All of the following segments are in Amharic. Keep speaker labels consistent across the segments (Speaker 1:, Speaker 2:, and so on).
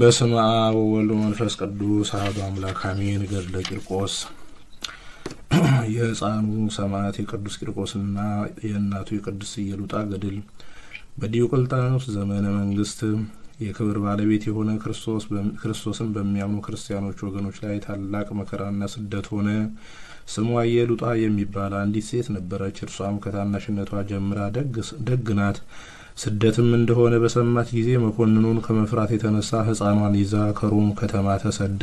Speaker 1: በስመ አብ ወወልድ መንፈስ ቅዱስ አሐዱ አምላክ አሜን። ገድለ ቂርቆስ የሕፃኑ ሰማዕት የቅዱስ ቂርቆስና የእናቱ የቅድስት እየሉጣ ገድል። በዲዮቅልጥያኖስ ዘመነ መንግስት የክብር ባለቤት የሆነ ክርስቶስን በሚያምኑ ክርስቲያኖች ወገኖች ላይ ታላቅ መከራና ስደት ሆነ። ስሟ የሉጣ የሚባል አንዲት ሴት ነበረች። እርሷም ከታናሽነቷ ጀምራ ደግ ናት። ስደትም እንደሆነ በሰማች ጊዜ መኮንኑን ከመፍራት የተነሳ ሕፃኗን ይዛ ከሮም ከተማ ተሰዳ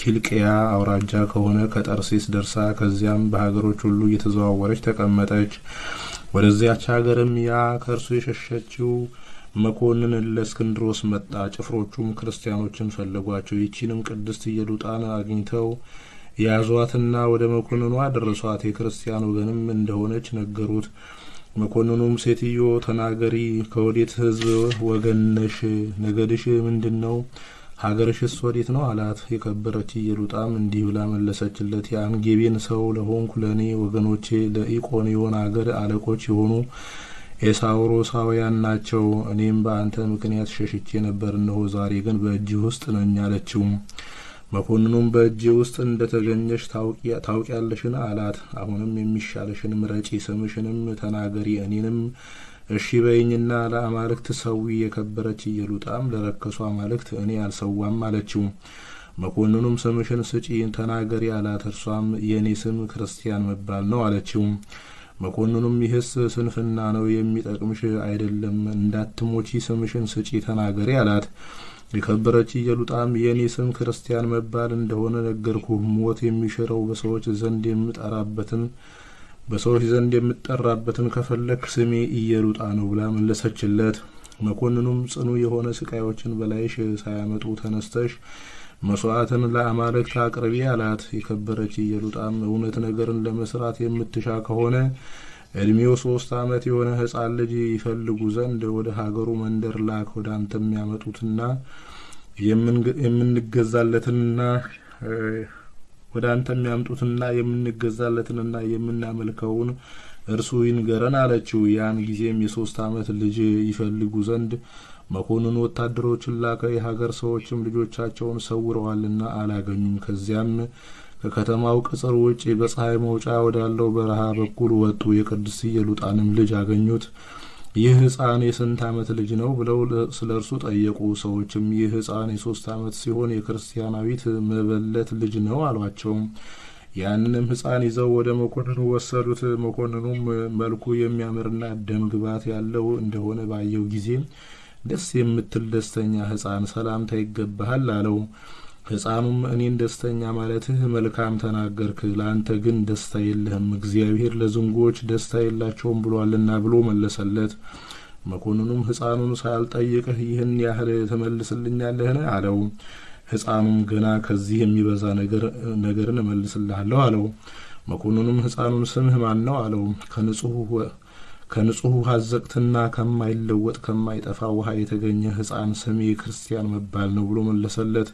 Speaker 1: ኪልቅያ አውራጃ ከሆነ ከጠርሴስ ደርሳ ከዚያም በሀገሮች ሁሉ እየተዘዋወረች ተቀመጠች። ወደዚያች ሀገርም ያ ከእርሱ የሸሸችው መኮንን ለእስክንድሮስ መጣ። ጭፍሮቹም ክርስቲያኖችን ፈለጓቸው። ይቺንም ቅድስት እየሉጣን አግኝተው ያዟትና ወደ መኮንኗ አደረሷት። የክርስቲያን ወገንም እንደሆነች ነገሩት። መኮንኑም ሴትዮ ተናገሪ፣ ከወዴት ህዝብ ወገን ነሽ? ነገድሽ ምንድን ነው? ሀገርሽስ ወዴት ነው አላት። የከበረች ኢየሉጣም እንዲህ ብላ መለሰችለት፣ የአንጌቤን ሰው ለሆንኩ ለእኔ ወገኖቼ ለኢቆንዮን አገር አለቆች የሆኑ ኤሳውሮሳውያን ናቸው። እኔም በአንተ ምክንያት ሸሽቼ ነበር፣ እነሆ ዛሬ ግን በእጅህ ውስጥ ነኝ አለችው። መኮንኑም በእጄ ውስጥ እንደ ተገኘች ታውቂያለሽን? አላት። አሁንም የሚሻለሽን ምረጪ፣ ስምሽንም ተናገሪ፣ እኔንም እሺ በይኝና ለአማልክት ሰዊ። የከበረች እየሉጣም ለረከሱ አማልክት እኔ አልሰዋም አለችው። መኮንኑም ስምሽን ስጪ፣ ተናገሪ አላት። እርሷም የእኔ ስም ክርስቲያን መባል ነው አለችው። መኮንኑም ይህስ ስንፍና ነው፣ የሚጠቅምሽ አይደለም፣ እንዳትሞቺ ስምሽን ስጪ፣ ተናገሪ አላት። የከበረች ኢየሉጣም የእኔ ስም ክርስቲያን መባል እንደሆነ ነገርኩ። ሞት የሚሽረው በሰዎች ዘንድ የምጠራበትን በሰዎች ዘንድ የምጠራበትን ከፈለክ ስሜ ኢየሉጣ ነው ብላ መለሰችለት። መኮንኑም ጽኑ የሆነ ስቃዮችን በላይሽ ሳያመጡ ተነስተሽ መስዋዕትን ለአማልክት አቅርቢ አላት። የከበረች ኢየሉጣም እውነት ነገርን ለመስራት የምትሻ ከሆነ እድሜው ሶስት ዓመት የሆነ ሕፃን ልጅ ይፈልጉ ዘንድ ወደ ሀገሩ መንደር ላክ ወደ አንተ የሚያመጡትና የምንገዛለትንና ወደ አንተ የሚያምጡትና የምንገዛለትንና የምናመልከውን እርሱ ይንገረን አለችው። ያን ጊዜም የሶስት ዓመት ልጅ ይፈልጉ ዘንድ መኮንን ወታደሮችን ላከ። የሀገር ሰዎችም ልጆቻቸውን ሰውረዋልና አላገኙም። ከዚያም ከከተማው ቅጽር ውጪ በፀሐይ መውጫ ወዳለው በረሃ በኩል ወጡ። የቅዱስ የሉጣንም ልጅ አገኙት። ይህ ሕፃን የስንት ዓመት ልጅ ነው? ብለው ስለ እርሱ ጠየቁ። ሰዎችም ይህ ሕፃን የሶስት ዓመት ሲሆን የክርስቲያናዊት መበለት ልጅ ነው አሏቸው። ያንንም ሕፃን ይዘው ወደ መኮንኑ ወሰዱት። መኮንኑም መልኩ የሚያምርና ደም ግባት ያለው እንደሆነ ባየው ጊዜ ደስ የምትል ደስተኛ ሕፃን ሰላምታ ይገባሃል አለው። ሕፃኑም እኔን ደስተኛ ማለትህ መልካም ተናገርክ፣ ለአንተ ግን ደስታ የለህም፣ እግዚአብሔር ለዝንጎዎች ደስታ የላቸውም ብሏልና ብሎ መለሰለት። መኮንኑም ሕፃኑን ሳልጠይቅህ ይህን ያህል ትመልስልኛለህን? አለው። ሕፃኑም ገና ከዚህ የሚበዛ ነገርን እመልስልሃለሁ አለው። መኮንኑም ሕፃኑን ስምህ ማን ነው? አለው። ከንጹሕ አዘቅትና ከማይለወጥ ከማይጠፋ ውሃ የተገኘ ሕፃን ስሜ ክርስቲያን መባል ነው ብሎ መለሰለት።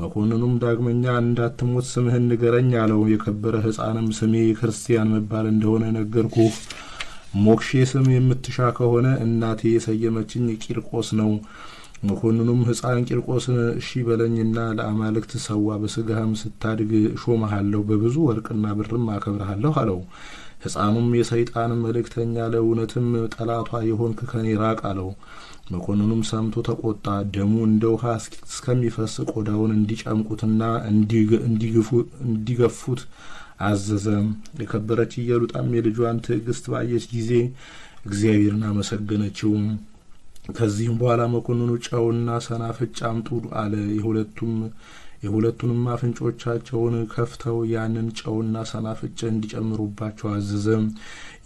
Speaker 1: መኮንኑም ዳግመኛ እንዳትሞት ስምህን ንገረኝ አለው። የከበረ ሕፃንም ስሜ ክርስቲያን መባል እንደሆነ ነገርኩ ሞክሼ ስም የምትሻ ከሆነ እናቴ የሰየመችኝ ቂርቆስ ነው። መኮንኑም ሕፃን ቂርቆስን እሺ በለኝና ለአማልክት ሰዋ፣ በስጋህም ስታድግ ሾመሃለሁ፣ በብዙ ወርቅና ብርም አከብረሃለሁ አለው። ሕፃኑም የሰይጣን መልእክተኛ ለእውነትም ጠላቷ የሆንክ ከኔ ራቅ አለው። መኮንኑም ሰምቶ ተቆጣ። ደሙ እንደ ውሃ እስከሚፈስ ቆዳውን እንዲጨምቁትና እንዲገፉት አዘዘ። የከበረች እየሉጣም የልጇን ትዕግስት ባየች ጊዜ እግዚአብሔርን አመሰገነችው። ከዚህም በኋላ መኮንኑ ጨውና ሰናፍጭ አምጡ አለ። የሁለቱም የሁለቱንም አፍንጮቻቸውን ከፍተው ያንን ጨውና ሰናፍጭ እንዲጨምሩባቸው አዘዘ።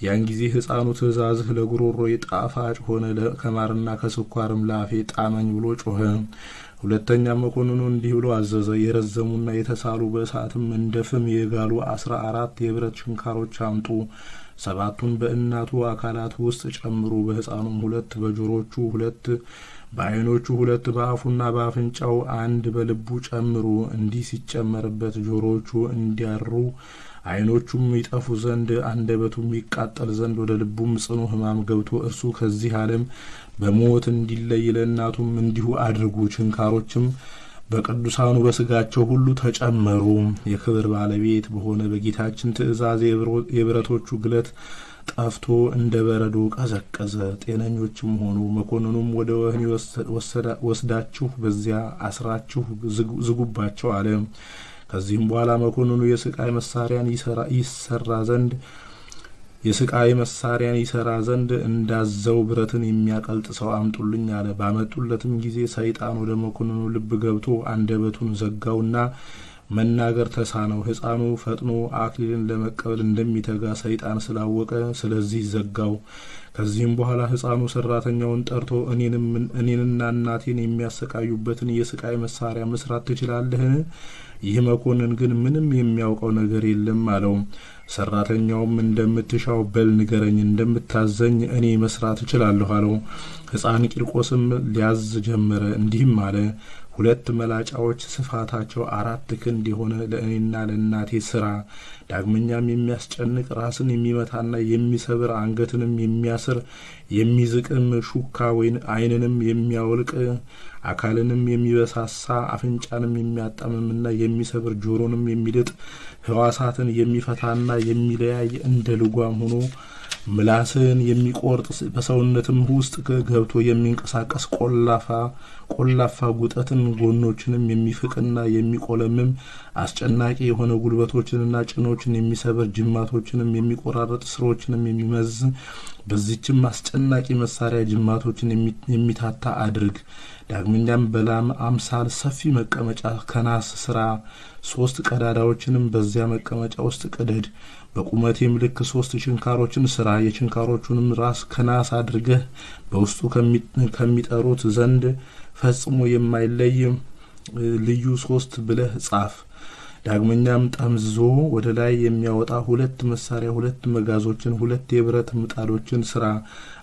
Speaker 1: ያን ጊዜ ህፃኑ ትእዛዝህ ለጉሮሮ ጣፋጭ ሆነ፣ ከማርና ከስኳርም ላፌ ጣመኝ ብሎ ጮኸ። ሁለተኛ መኮንኑ እንዲህ ብሎ አዘዘ። የረዘሙና የተሳሉ በእሳትም እንደ ፍም የጋሉ አስራ አራት የብረት ችንካሮች አምጡ። ሰባቱን በእናቱ አካላት ውስጥ ጨምሩ። በህፃኑም ሁለት በጆሮቹ ሁለት በዓይኖቹ ሁለት፣ በአፉና በአፍንጫው አንድ፣ በልቡ ጨምሩ እንዲህ ሲጨመርበት ጆሮዎቹ እንዲያሩ ዓይኖቹም ይጠፉ ዘንድ አንደበቱም ይቃጠል ዘንድ ወደ ልቡም ጽኑ ሕማም ገብቶ እርሱ ከዚህ ዓለም በሞት እንዲለይ ለእናቱም እንዲሁ አድርጉ። ችንካሮችም በቅዱሳኑ በስጋቸው ሁሉ ተጨመሩ። የክብር ባለቤት በሆነ በጌታችን ትእዛዝ የብረቶቹ ግለት ጠፍቶ እንደ በረዶ ቀዘቀዘ። ጤነኞችም ሆኑ። መኮንኑም ወደ ወህኒ ወስዳችሁ በዚያ አስራችሁ ዝጉባቸው አለ። ከዚህም በኋላ መኮንኑ የስቃይ መሳሪያን ይሰራ ዘንድ የስቃይ መሳሪያን ይሰራ ዘንድ እንዳዘው ብረትን የሚያቀልጥ ሰው አምጡልኝ አለ። ባመጡለትም ጊዜ ሰይጣን ወደ መኮንኑ ልብ ገብቶ አንደበቱን ዘጋውና መናገር ተሳነው። ሕፃኑ ፈጥኖ አክሊልን ለመቀበል እንደሚተጋ ሰይጣን ስላወቀ ስለዚህ ዘጋው። ከዚህም በኋላ ሕፃኑ ሰራተኛውን ጠርቶ እኔንና እናቴን የሚያሰቃዩበትን የስቃይ መሳሪያ መስራት ትችላለህን? ይህ መኮንን ግን ምንም የሚያውቀው ነገር የለም አለው። ሰራተኛውም እንደምትሻው በል ንገረኝ፣ እንደምታዘኝ እኔ መስራት እችላለሁ አለው። ሕፃን ቂርቆስም ሊያዝ ጀመረ። እንዲህም አለ ሁለት መላጫዎች ስፋታቸው አራት ክንድ የሆነ ለእኔና ለእናቴ ስራ ዳግመኛም የሚያስጨንቅ ራስን የሚመታና የሚሰብር አንገትንም የሚያስር የሚዝቅም ሹካ ወይን አይንንም የሚያወልቅ አካልንም የሚበሳሳ አፍንጫንም የሚያጣምምና የሚሰብር ጆሮንም የሚልጥ ህዋሳትን የሚፈታና የሚለያይ እንደ ልጓም ሆኖ ምላስን የሚቆርጥ በሰውነትም ውስጥ ገብቶ የሚንቀሳቀስ ቆላፋ ቆላፋ ጉጠትን ጎኖችንም የሚፍቅና የሚቆለምም አስጨናቂ የሆነ ጉልበቶችንና ጭኖችን የሚሰብር ጅማቶችንም የሚቆራረጥ ስሮችንም የሚመዝ በዚችም አስጨናቂ መሳሪያ ጅማቶችን የሚታታ አድርግ። ዳግመኛም በላም አምሳል ሰፊ መቀመጫ ከናስ ስራ፣ ሶስት ቀዳዳዎችንም በዚያ መቀመጫ ውስጥ ቅደድ። በቁመት የሚልክ ሶስት ችንካሮችን ስራ። የችንካሮቹንም ራስ ከናስ አድርገህ በውስጡ ከሚጠሩት ዘንድ ፈጽሞ የማይለይ ልዩ ሶስት ብለህ ጻፍ። ዳግመኛም ጠምዝዞ ወደ ላይ የሚያወጣ ሁለት መሳሪያ፣ ሁለት መጋዞችን፣ ሁለት የብረት ምጣዶችን ስራ።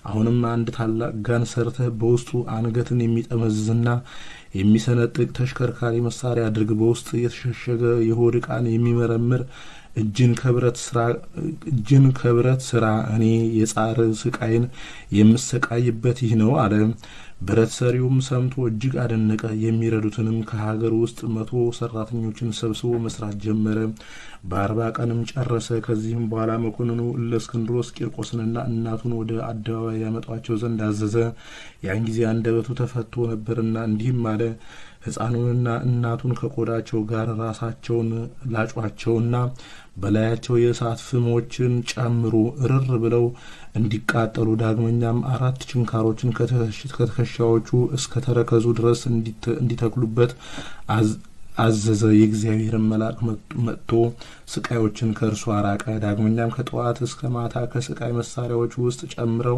Speaker 1: አሁንም አንድ ታላቅ ጋን ሰርተህ በውስጡ አንገትን የሚጠመዝዝና የሚሰነጥቅ ተሽከርካሪ መሳሪያ አድርግ። በውስጥ የተሸሸገ የሆድ ቃን የሚመረምር እጅን ከብረት ስራ። እኔ የጻር ስቃይን የምሰቃይበት ይህ ነው አለ። ብረት ሰሪውም ሰምቶ እጅግ አደነቀ። የሚረዱትንም ከሀገር ውስጥ መቶ ሰራተኞችን ሰብስቦ መስራት ጀመረ። በአርባ ቀንም ጨረሰ። ከዚህም በኋላ መኮንኑ እለእስክንድሮስ ቂርቆስንና እናቱን ወደ አደባባይ ያመጧቸው ዘንድ አዘዘ። ያን ጊዜ አንደበቱ ተፈቶ ነበርና እንዲህም አለ። ሕፃኑንና እናቱን ከቆዳቸው ጋር ራሳቸውን ላጯቸውና በላያቸው የእሳት ፍሞችን ጨምሩ እርር ብለው እንዲቃጠሉ ዳግመኛም አራት ችንካሮችን ከትከሻዎቹ እስከ ተረከዙ ድረስ እንዲተክሉበት አዘዘ። የእግዚአብሔርን መልአክ መጥቶ ስቃዮችን ከእርሱ አራቀ። ዳግመኛም ከጠዋት እስከ ማታ ከስቃይ መሳሪያዎች ውስጥ ጨምረው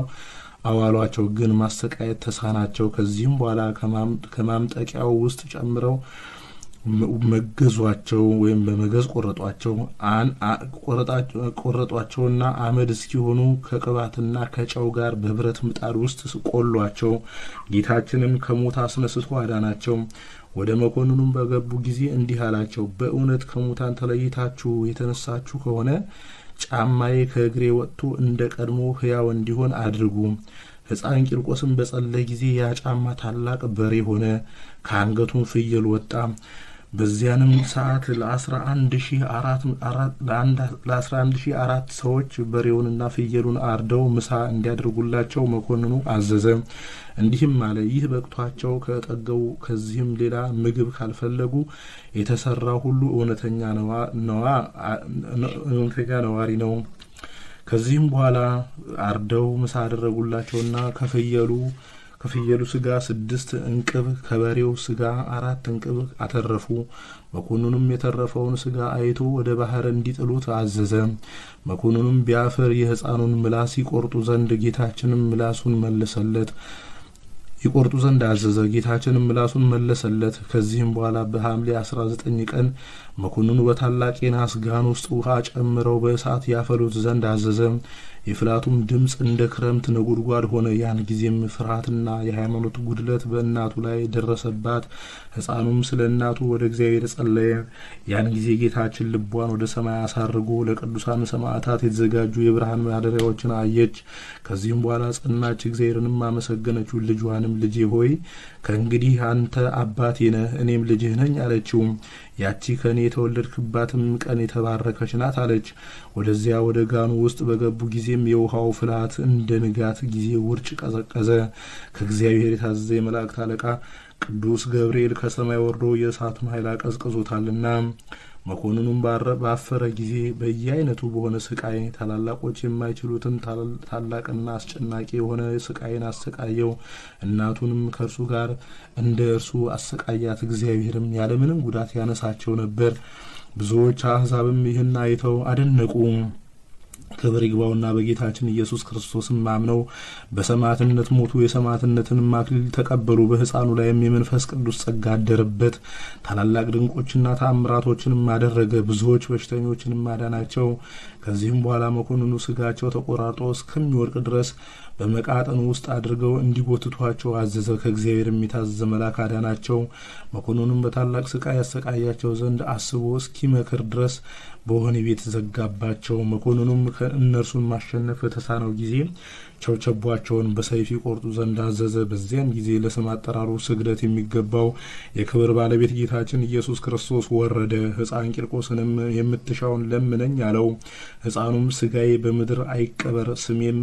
Speaker 1: አዋሏቸው፣ ግን ማሰቃየት ተሳናቸው። ከዚህም በኋላ ከማምጠቂያው ውስጥ ጨምረው መገዟቸው ወይም በመገዝ ቆረጧቸው ቆረጧቸውና አመድ እስኪሆኑ ከቅባትና ከጨው ጋር በብረት ምጣድ ውስጥ ቆሏቸው። ጌታችንም ከሞት አስነስቶ አዳናቸው። ወደ መኮንኑም በገቡ ጊዜ እንዲህ አላቸው፣ በእውነት ከሙታን ተለይታችሁ የተነሳችሁ ከሆነ ጫማዬ ከእግሬ ወጥቶ እንደ ቀድሞ ሕያው እንዲሆን አድርጉ። ሕፃን ቂርቆስም በጸለ ጊዜ ያ ጫማ ታላቅ በሬ ሆነ፣ ከአንገቱም ፍየል ወጣ። በዚያንም ሰዓት ለአስራ አንድ ሺህ አራት ሰዎች በሬውንና ፍየሉን አርደው ምሳ እንዲያደርጉላቸው መኮንኑ አዘዘ። እንዲህም አለ፣ ይህ በቅቷቸው ከጠገቡ ከዚህም ሌላ ምግብ ካልፈለጉ የተሰራ ሁሉ እውነተኛ ነዋሪ ነው። ከዚህም በኋላ አርደው ምሳ አደረጉላቸውና ከፍየሉ ከፍየሉ ስጋ ስድስት እንቅብ ከበሬው ስጋ አራት እንቅብ አተረፉ። መኮንኑም የተረፈውን ስጋ አይቶ ወደ ባህር እንዲጥሉት አዘዘ። መኮንኑም ቢያፍር የሕፃኑን ምላስ ይቆርጡ ዘንድ ጌታችንም ምላሱን መለሰለት ይቆርጡ ዘንድ አዘዘ። ጌታችንም ምላሱን መለሰለት። ከዚህም በኋላ በሐምሌ 19 ቀን መኮንኑ በታላቅ የናስ ጋን ውስጥ ውሃ ጨምረው በእሳት ያፈሉት ዘንድ አዘዘ። የፍላቱም ድምፅ እንደ ክረምት ነጎድጓድ ሆነ። ያን ጊዜም ፍርሃትና የሃይማኖት ጉድለት በእናቱ ላይ ደረሰባት። ሕፃኑም ስለ እናቱ ወደ እግዚአብሔር ጸለየ። ያን ጊዜ ጌታችን ልቧን ወደ ሰማይ አሳርጎ ለቅዱሳን ሰማዕታት የተዘጋጁ የብርሃን ማደሪያዎችን አየች። ከዚህም በኋላ ጸናች፣ እግዚአብሔርንም አመሰገነችው። ልጇንም ልጄ ሆይ ከእንግዲህ አንተ አባቴ ነህ፣ እኔም ልጅህ ነኝ አለችው። ያቺ ከእኔ የተወለድክባትም ቀን የተባረከች ናት አለች። ወደዚያ ወደ ጋኑ ውስጥ በገቡ ጊዜም የውሃው ፍልሃት እንደ ንጋት ጊዜ ውርጭ ቀዘቀዘ። ከእግዚአብሔር የታዘዘ የመላእክት አለቃ ቅዱስ ገብርኤል ከሰማይ ወርዶ የእሳቱን ኃይል አቀዝቅዞታልና መኮንኑም ባፈረ ጊዜ በየአይነቱ በሆነ ስቃይ ታላላቆች የማይችሉትን ታላቅና አስጨናቂ የሆነ ስቃይን አሰቃየው። እናቱንም ከእርሱ ጋር እንደ እርሱ አሰቃያት። እግዚአብሔርም ያለምንም ጉዳት ያነሳቸው ነበር። ብዙዎች አሕዛብም ይህን አይተው አደነቁ። ክብር ይግባውና በጌታችን ኢየሱስ ክርስቶስም ማምነው በሰማዕትነት ሞቱ። የሰማዕትነትን አክሊል ተቀበሉ። በሕፃኑ ላይም የመንፈስ ቅዱስ ጸጋ አደረበት። ታላላቅ ድንቆችና ተአምራቶችንም አደረገ። ብዙዎች በሽተኞችንም አዳናቸው። ከዚህም በኋላ መኮንኑ ስጋቸው ተቆራርጦ እስከሚወድቅ ድረስ በመቃጠኑ ውስጥ አድርገው እንዲጎትቷቸው አዘዘ። ከእግዚአብሔር የሚታዘዘ መልአክ አዳናቸው። መኮንኑም በታላቅ ስቃይ ያሰቃያቸው ዘንድ አስቦ እስኪመክር ድረስ በወህኒ ቤት ዘጋባቸው። መኮንኑም እነርሱን ማሸነፍ በተሳነው ጊዜ ቸብቸቧቸውን በሰይፍ ይቆርጡ ዘንድ አዘዘ። በዚያን ጊዜ ለስም አጠራሩ ስግደት የሚገባው የክብር ባለቤት ጌታችን ኢየሱስ ክርስቶስ ወረደ። ሕፃን ቂርቆስንም የምትሻውን ለምነኝ አለው። ሕፃኑም ስጋዬ በምድር አይቀበር፣ ስሜም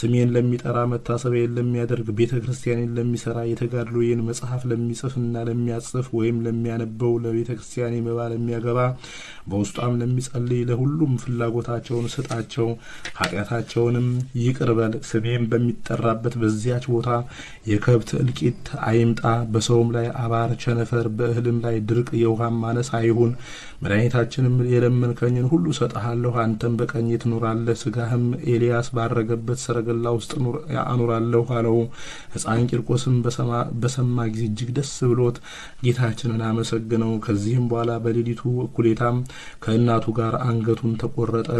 Speaker 1: ስሜን ለሚጠራ መታሰቢያን ለሚያደርግ ቤተ ክርስቲያኔን ለሚሰራ የተጋድሎዬን መጽሐፍ ለሚጽፍና ለሚያጽፍ ወይም ለሚያነበው ለቤተ ክርስቲያኔ መባ ለሚያገባ በውስጧም ለሚጸልይ ለሁሉም ፍላጎታቸውን ስጣቸው፣ ኃጢአታቸውንም ይቅርበል። ስሜም በሚጠራበት በዚያች ቦታ የከብት እልቂት አይምጣ፣ በሰውም ላይ አባር፣ ቸነፈር፣ በእህልም ላይ ድርቅ፣ የውሃም ማነስ አይሁን። መድኃኒታችንም የለመንከኝን ሁሉ ሰጠሃለሁ፣ አንተም በቀኝ ትኖራለህ፣ ስጋህም ኤልያስ ባረገበት ሰረገላ ውስጥ አኑራለሁ አለው። ሕፃን ቂርቆስም በሰማ ጊዜ እጅግ ደስ ብሎት ጌታችንን አመሰግነው። ከዚህም በኋላ በሌሊቱ እኩሌታም ከእናቱ ጋር አንገቱን ተቆረጠ።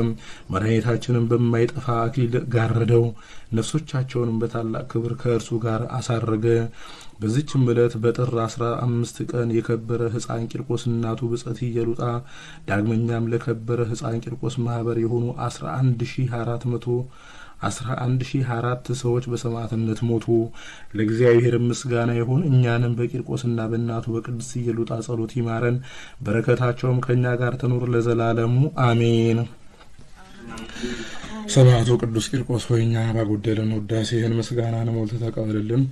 Speaker 1: መድኃኒታችንም በማይጠፋ አክሊል ጋረደው። ነፍሶቻቸውንም በታላቅ ክብር ከእርሱ ጋር አሳረገ። በዚችም ዕለት በጥር አስራ አምስት ቀን የከበረ ህፃን ቂርቆስ እናቱ ብጸት እየሉጣ ዳግመኛም ለከበረ ህፃን ቂርቆስ ማህበር የሆኑ አስራ አንድ ሺ አራት መቶ አስራ አንድ ሺ አራት ሰዎች በሰማዕትነት ሞቱ። ለእግዚአብሔር ምስጋና ይሁን። እኛንም በቂርቆስና በእናቱ በቅድስት እየሉጣ ጸሎት ይማረን፣ በረከታቸውም ከእኛ ጋር ትኑር ለዘላለሙ አሜን። ስብሐቱ ቅዱስ ቂርቆስ ሆይ እኛ ባጎደለን ውዳሴህን ምስጋናን ሞልተህ ተቀበልልን።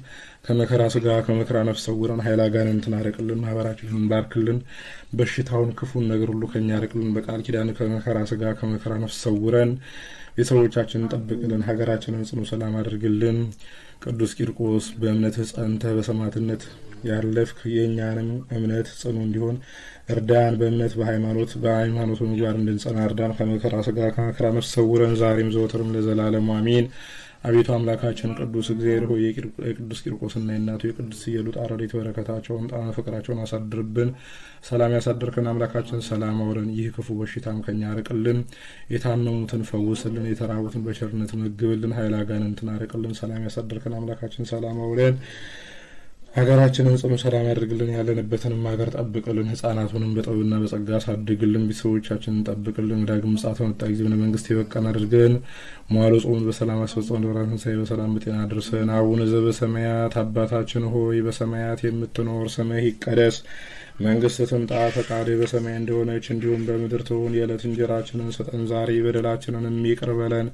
Speaker 1: ከመከራ ስጋ ከመከራ ነፍስ ሰውረን፣ ኃይል አጋንንትን አርቅልን፣ ማህበራችንን ባርክልን፣ በሽታውን ክፉን ነገር ሁሉ ከኛ አርቅልን። በቃል ኪዳን ከመከራ ስጋ ከመከራ ነፍስ ሰውረን፣ ቤተሰቦቻችንን ጠብቅልን፣ ሀገራችንን ጽኑ ሰላም አድርግልን። ቅዱስ ቂርቆስ በእምነትህ ጸንተህ በሰማዕትነት ያለፍክ የእኛንም እምነት ጽኑ እንዲሆን እርዳን። በእምነት በሃይማኖት በሃይማኖቱ ምግባር እንድንጸና እርዳን። ከመከራ ስጋ ከመከራ ነፍስ ሰውረን ዛሬም ዘወትርም ለዘላለሙ አሜን። አቤቱ አምላካችን ቅዱስ እግዚአብሔር ሆይ የቅዱስ ቂርቆስና የእናቱ የቅዱስ እየሉጥ አረዴት በረከታቸውን ጣዕመ ፍቅራቸውን አሳድርብን። ሰላም ያሳድርክን አምላካችን ሰላም አውረን። ይህ ክፉ በሽታም ከኛ አርቅልን። የታመሙትን ፈውስልን። የተራቡትን በቸርነት መግብልን። ኃይል አጋንንትን አርቅልን። ሰላም ያሳድርክን አምላካችን ሰላም አውረን። ሀገራችንን ጽኑ ሰላም ያደርግልን፣ ያለንበትንም ሀገር ጠብቅልን፣ ህጻናቱንም በጥበብና በጸጋ አሳድግልን፣ ቤተሰቦቻችንን ጠብቅልን፣ ዳግም ምጽአት በመጣ ጊዜ መንግስት የበቃን አድርገን፣ መዋዕለ ጾሙን በሰላም አስፈጽመን፣ ደብረ ትንሣኤ በሰላም በጤና አድርሰን። አቡነ ዘበሰማያት አባታችን ሆይ በሰማያት የምትኖር ስምህ ይቀደስ መንግስት ትምጣ፣ ፈቃድ በሰማይ እንደሆነች እንዲሁም በምድር ትሁን። የዕለት እንጀራችንን ስጠን ዛሬ፣ በደላችንን ይቅር በለን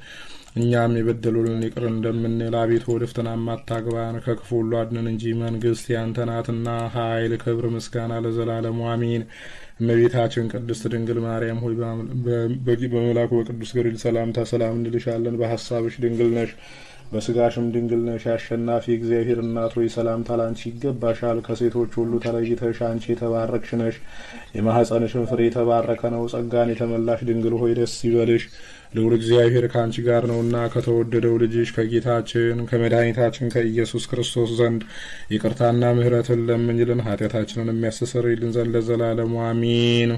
Speaker 1: እኛም የበደሉልን ይቅር እንደምንል አቤቱ ወደ ፈተናም አታግባን ከክፉ ሁሉ አድነን እንጂ መንግስት ያንተ ናትና፣ ኃይል፣ ክብር፣ ምስጋና ለዘላለሙ አሚን። እመቤታችን ቅድስት ድንግል ማርያም ሆይ በመላኩ በቅዱስ ገብርኤል ሰላምታ ሰላም እንልሻለን። በሀሳብሽ ድንግል ነሽ፣ በስጋሽም ድንግል ነሽ። አሸናፊ እግዚአብሔር እናት ሆይ ሰላምታ ላንቺ ይገባሻል። ከሴቶች ሁሉ ተለይተሽ አንቺ የተባረክሽ ነሽ፣ የማህፀንሽን ፍሬ የተባረከ ነው። ጸጋን የተመላሽ ድንግል ሆይ ደስ ይበልሽ ልዑል እግዚአብሔር ከአንቺ ጋር ነውና ከተወደደው ልጅሽ ከጌታችን ከመድኃኒታችን ከኢየሱስ ክርስቶስ ዘንድ ይቅርታና ምሕረትን ለምኝልን ኃጢአታችንን የሚያስተሰርይልን ዘንድ ለዘላለሙ አሚን።